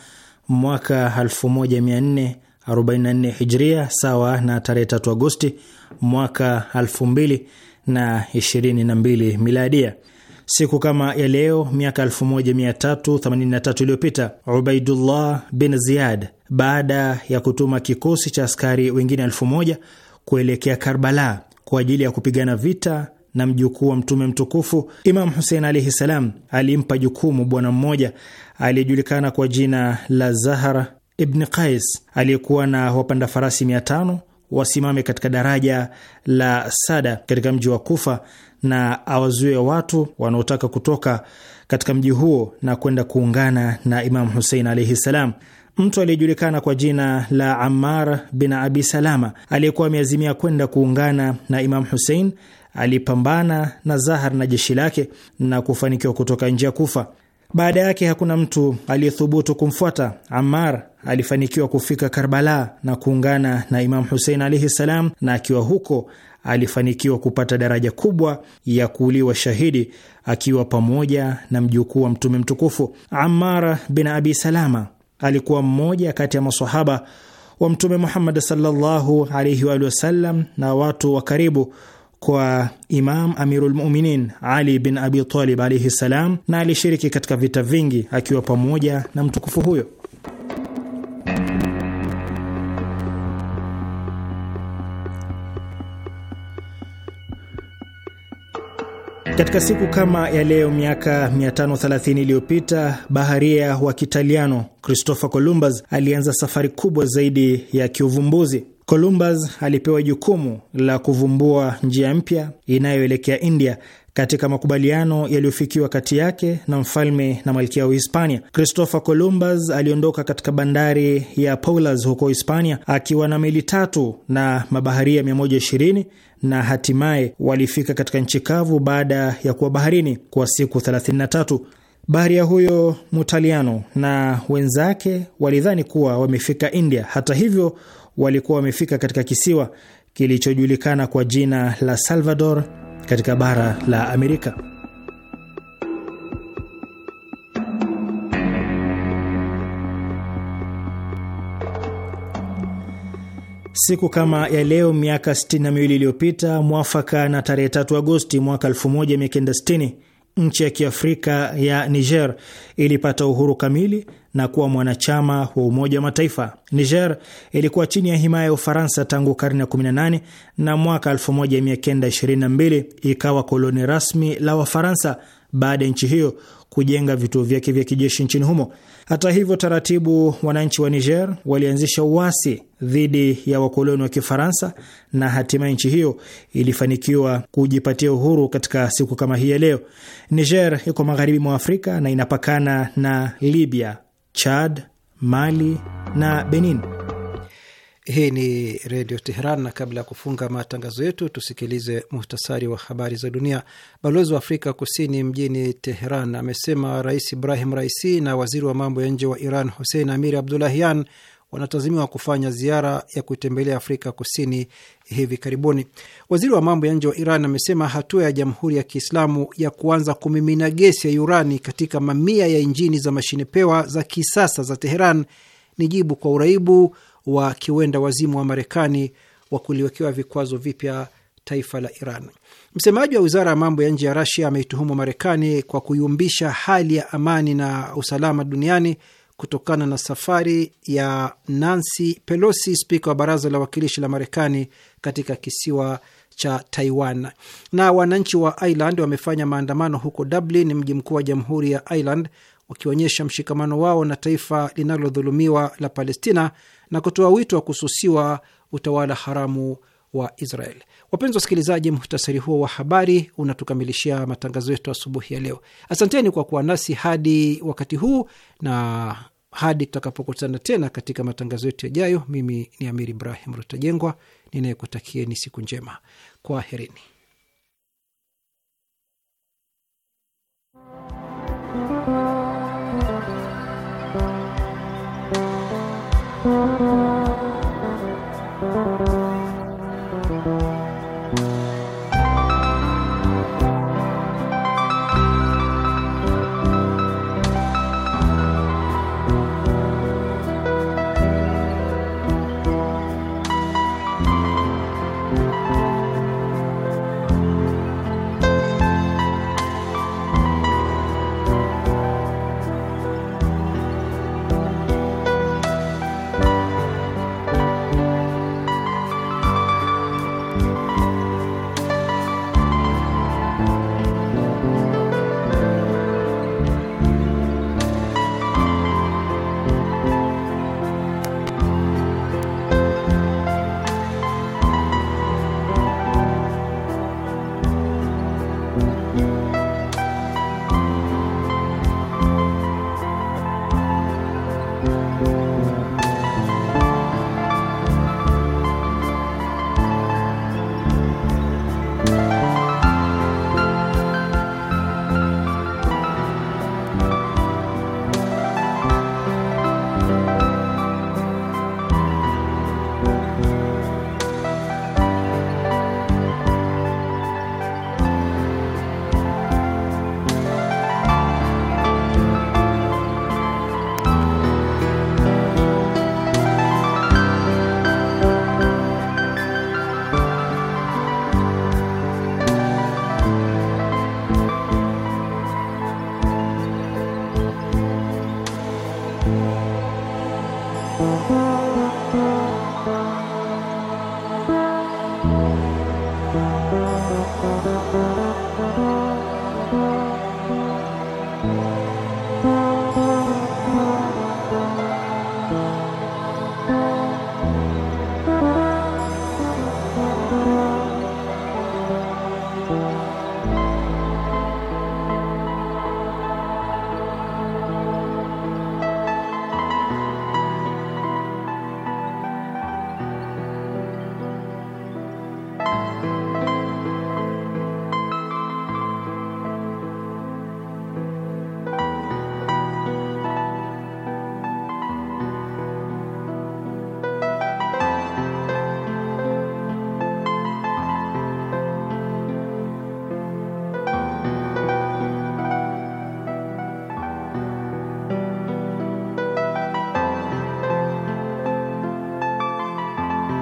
mwaka 1444 hijria sawa na tarehe 3 Agosti mwaka 2022 miladia. Siku kama ya leo miaka 1383 iliyopita Ubaidullah bin Ziyad, baada ya kutuma kikosi cha askari wengine 1 kuelekea Karbala kwa ajili ya kupigana vita na mjukuu wa Mtume mtukufu Imam Husein alaihi salam alimpa jukumu bwana mmoja aliyejulikana kwa jina la Zahar ibni Qais aliyekuwa na wapanda farasi mia tano wasimame katika daraja la Sada katika mji wa Kufa na awazuie watu wanaotaka kutoka katika mji huo na kwenda kuungana na Imam Husein alaihi salam. Mtu aliyejulikana kwa jina la Ammar bin Abi Salama aliyekuwa ameazimia kwenda kuungana na Imam Husein alipambana na Zahar na jeshi lake na kufanikiwa kutoka nje ya Kufa. Baada yake hakuna mtu aliyethubutu kumfuata. Ammar alifanikiwa kufika Karbala na kuungana na Imam Husein alaihi ssalam, na akiwa huko alifanikiwa kupata daraja kubwa ya kuuliwa shahidi akiwa pamoja na mjukuu wa Mtume mtukufu. Ammar bin Abi Salama alikuwa mmoja kati ya masahaba wa Mtume Muhammad sallallahu alaihi na watu wa karibu kwa Imam Amirul Muminin Ali bin Abi Talib alaihi ssalam, na alishiriki katika vita vingi akiwa pamoja na mtukufu huyo. Katika siku kama ya leo miaka 530 iliyopita baharia wa Kitaliano Christopher Columbus alianza safari kubwa zaidi ya kiuvumbuzi. Columbus alipewa jukumu la kuvumbua njia mpya inayoelekea India katika makubaliano yaliyofikiwa kati yake na mfalme na malkia wa Hispania. Christopher Columbus aliondoka katika bandari ya Palos huko Hispania akiwa na meli tatu na mabaharia 120 na hatimaye walifika katika nchi kavu baada ya kuwa baharini kwa siku 33. Baharia huyo Mutaliano na wenzake walidhani kuwa wamefika India. Hata hivyo walikuwa wamefika katika kisiwa kilichojulikana kwa jina la Salvador katika bara la Amerika. Siku kama ya leo miaka 62 iliyopita, mwafaka na tarehe 3 Agosti mwaka 1960, nchi ya Kiafrika ya Niger ilipata uhuru kamili na kuwa mwanachama wa Umoja wa Mataifa. Niger ilikuwa chini ya himaya ya Ufaransa tangu karne ya 18 na mwaka 1922 ikawa koloni rasmi la Wafaransa baada ya nchi hiyo kujenga vituo vyake vya kijeshi nchini humo. Hata hivyo, taratibu wananchi wa Niger walianzisha uasi dhidi ya wakoloni wa Kifaransa na hatimaye nchi hiyo ilifanikiwa kujipatia uhuru katika siku kama hii ya leo. Niger iko magharibi mwa Afrika na inapakana na Libya, Chad, Mali na Benin. Hii ni Redio Teheran, na kabla ya kufunga matangazo yetu tusikilize muhtasari wa habari za dunia. Balozi wa Afrika Kusini mjini Teheran amesema Rais Ibrahim Raisi na waziri wa mambo ya nje wa Iran Hussein Amir Abdollahian wanatazamiwa kufanya ziara ya kuitembelea Afrika Kusini hivi karibuni. Waziri wa mambo ya nje wa Iran amesema hatua ya Jamhuri ya Kiislamu ya kuanza kumimina gesi ya urani katika mamia ya injini za mashine pewa za kisasa za Teheran ni jibu kwa uraibu wa kiwenda wazimu wa Marekani wa kuliwekewa vikwazo vipya taifa la Iran. Msemaji wa wizara ya mambo ya nje ya Rasia ameituhumu Marekani kwa kuyumbisha hali ya amani na usalama duniani kutokana na safari ya Nancy Pelosi, spika wa baraza la wakilishi la Marekani, katika kisiwa cha Taiwan. Na wananchi wa Ireland wamefanya maandamano huko Dublin, mji mkuu wa jamhuri ya Ireland, wakionyesha mshikamano wao na taifa linalodhulumiwa la Palestina na kutoa wito wa kususiwa utawala haramu wa Israel. Wapenzi wasikilizaji, muhtasari huo wa habari unatukamilishia matangazo yetu asubuhi ya leo. Asanteni kwa kuwa nasi hadi wakati huu, na hadi tutakapokutana tena katika matangazo yetu yajayo, mimi ni Amir Ibrahim Rutajengwa ninayekutakieni siku njema. Kwaherini.